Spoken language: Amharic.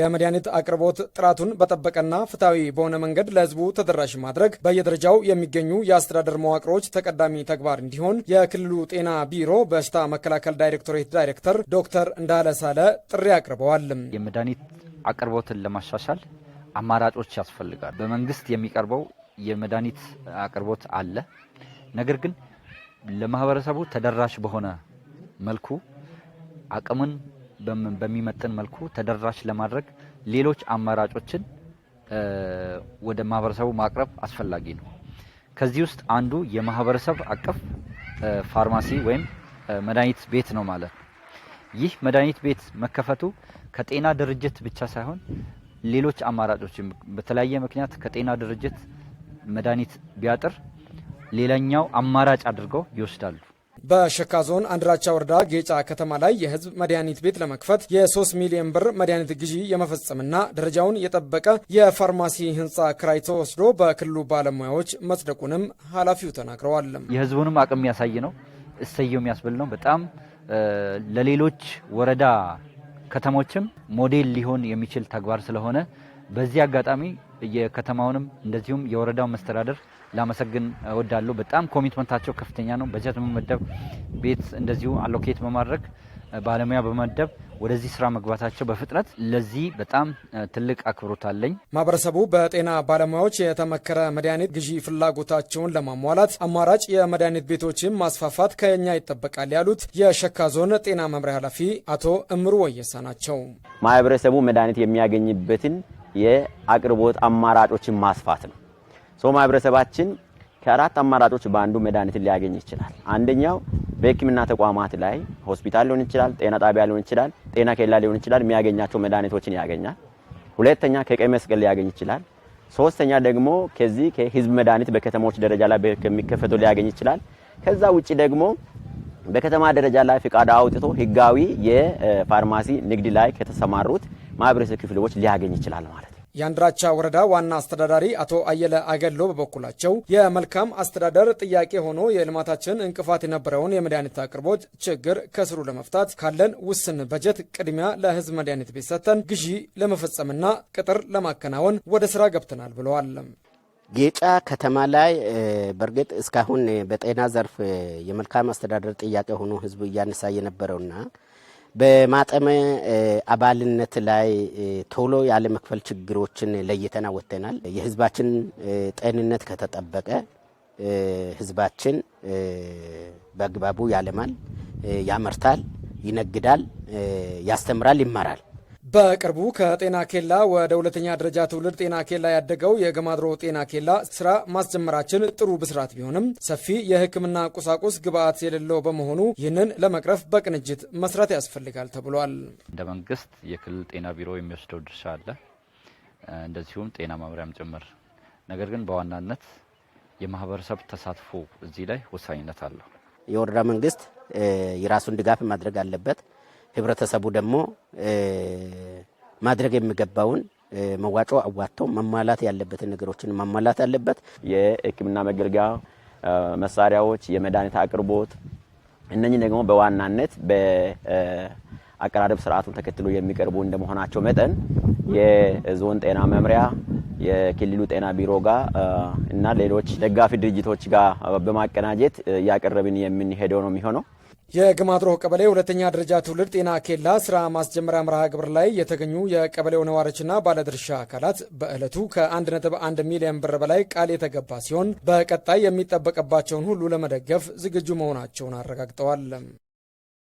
የመድኃኒት አቅርቦት ጥራቱን በጠበቀና ፍትሐዊ በሆነ መንገድ ለሕዝቡ ተደራሽ ማድረግ በየደረጃው የሚገኙ የአስተዳደር መዋቅሮች ተቀዳሚ ተግባር እንዲሆን የክልሉ ጤና ቢሮ በሽታ መከላከል ዳይሬክቶሬት ዳይሬክተር ዶክተር እንዳለ ሳለ ጥሪ አቅርበዋል። የመድኃኒት አቅርቦትን ለማሻሻል አማራጮች ያስፈልጋል። በመንግስት የሚቀርበው የመድኃኒት አቅርቦት አለ። ነገር ግን ለማህበረሰቡ ተደራሽ በሆነ መልኩ አቅምን በሚመጥን መልኩ ተደራሽ ለማድረግ ሌሎች አማራጮችን ወደ ማህበረሰቡ ማቅረብ አስፈላጊ ነው። ከዚህ ውስጥ አንዱ የማህበረሰብ አቀፍ ፋርማሲ ወይም መድኃኒት ቤት ነው ማለት ነው። ይህ መድኃኒት ቤት መከፈቱ ከጤና ድርጅት ብቻ ሳይሆን ሌሎች አማራጮችም በተለያየ ምክንያት ከጤና ድርጅት መድኃኒት ቢያጥር ሌላኛው አማራጭ አድርገው ይወስዳሉ። በሸካ ዞን አንድራቻ ወረዳ ጌጫ ከተማ ላይ የህዝብ መድኃኒት ቤት ለመክፈት የ3 ሚሊዮን ብር መድኃኒት ግዢ የመፈጸምና ደረጃውን የጠበቀ የፋርማሲ ህንፃ ክራይ ተወስዶ በክልሉ ባለሙያዎች መጽደቁንም ኃላፊው ተናግረዋል። የህዝቡንም አቅም የሚያሳይ ነው። እሰየው የሚያስብል ነው። በጣም ለሌሎች ወረዳ ከተሞችም ሞዴል ሊሆን የሚችል ተግባር ስለሆነ በዚህ አጋጣሚ የከተማውንም እንደዚሁም የወረዳው መስተዳደር ላመሰግን እወዳለሁ። በጣም ኮሚትመንታቸው ከፍተኛ ነው። በጀት በመመደብ ቤት እንደዚሁ አሎኬት በማድረግ ባለሙያ በመደብ ወደዚህ ስራ መግባታቸው በፍጥነት ለዚህ በጣም ትልቅ አክብሮት አለኝ። ማህበረሰቡ በጤና ባለሙያዎች የተመከረ መድኃኒት ግዢ ፍላጎታቸውን ለማሟላት አማራጭ የመድኃኒት ቤቶችን ማስፋፋት ከኛ ይጠበቃል ያሉት የሸካ ዞን ጤና መምሪያ ኃላፊ አቶ እምሩ ወየሳ ናቸው። ማህበረሰቡ መድኃኒት የሚያገኝበትን የአቅርቦት አማራጮችን ማስፋት ነው። ሰው ማህበረሰባችን ከአራት አማራጮች በአንዱ መድኃኒትን ሊያገኝ ይችላል። አንደኛው በሕክምና ተቋማት ላይ ሆስፒታል ሊሆን ይችላል፣ ጤና ጣቢያ ሊሆን ይችላል፣ ጤና ኬላ ሊሆን ይችላል። የሚያገኛቸው መድኃኒቶችን ያገኛል። ሁለተኛ ከቀይ መስቀል ሊያገኝ ይችላል። ሶስተኛ ደግሞ ከዚህ ከህዝብ መድኃኒት በከተሞች ደረጃ ላይ ከሚከፈተው ሊያገኝ ይችላል። ከዛ ውጭ ደግሞ በከተማ ደረጃ ላይ ፍቃድ አውጥቶ ህጋዊ የፋርማሲ ንግድ ላይ ከተሰማሩት ማህበረሰብ ክፍሎች ሊያገኝ ይችላል ማለት ነው። የአንድራቻ ወረዳ ዋና አስተዳዳሪ አቶ አየለ አገሎ በበኩላቸው የመልካም አስተዳደር ጥያቄ ሆኖ የልማታችን እንቅፋት የነበረውን የመድኃኒት አቅርቦት ችግር ከስሩ ለመፍታት ካለን ውስን በጀት ቅድሚያ ለህዝብ መድኃኒት ቤት ሰጥተን ግዢ ለመፈጸምና ቅጥር ለማከናወን ወደ ስራ ገብተናል ብለዋል። ጌጫ ከተማ ላይ በእርግጥ እስካሁን በጤና ዘርፍ የመልካም አስተዳደር ጥያቄ ሆኖ ህዝቡ እያነሳ የነበረውና በማጠመ አባልነት ላይ ቶሎ ያለ መክፈል ችግሮችን ለይተን አወጥተናል። የህዝባችን ጤንነት ከተጠበቀ ህዝባችን በአግባቡ ያለማል፣ ያመርታል፣ ይነግዳል፣ ያስተምራል፣ ይማራል። በቅርቡ ከጤና ኬላ ወደ ሁለተኛ ደረጃ ትውልድ ጤና ኬላ ያደገው የገማድሮ ጤና ኬላ ስራ ማስጀመራችን ጥሩ ብስራት ቢሆንም ሰፊ የሕክምና ቁሳቁስ ግብአት የሌለው በመሆኑ ይህንን ለመቅረፍ በቅንጅት መስራት ያስፈልጋል ተብሏል። እንደ መንግስት የክልል ጤና ቢሮ የሚወስደው ድርሻ አለ፣ እንደዚሁም ጤና መምሪያም ጭምር። ነገር ግን በዋናነት የማህበረሰብ ተሳትፎ እዚህ ላይ ወሳኝነት አለው። የወረዳ መንግስት የራሱን ድጋፍ ማድረግ አለበት። ህብረተሰቡ ደግሞ ማድረግ የሚገባውን መዋጮ አዋጥቶ መሟላት ያለበትን ነገሮችን መሟላት አለበት። የህክምና መገልገያ መሳሪያዎች፣ የመድኃኒት አቅርቦት እነኚህ ደግሞ በዋናነት በአቀራረብ ስርዓቱን ተከትሎ የሚቀርቡ እንደመሆናቸው መጠን የዞን ጤና መምሪያ የክልሉ ጤና ቢሮ ጋር እና ሌሎች ደጋፊ ድርጅቶች ጋር በማቀናጀት እያቀረብን የምንሄደው ነው የሚሆነው። የግማድሮህ ቀበሌ ሁለተኛ ደረጃ ትውልድ ጤና ኬላ ስራ ማስጀመሪያ መርሃ ግብር ላይ የተገኙ የቀበሌው ነዋሪዎችና ባለድርሻ አካላት በዕለቱ ከ1.1 ሚሊዮን ብር በላይ ቃል የተገባ ሲሆን በቀጣይ የሚጠበቅባቸውን ሁሉ ለመደገፍ ዝግጁ መሆናቸውን አረጋግጠዋል።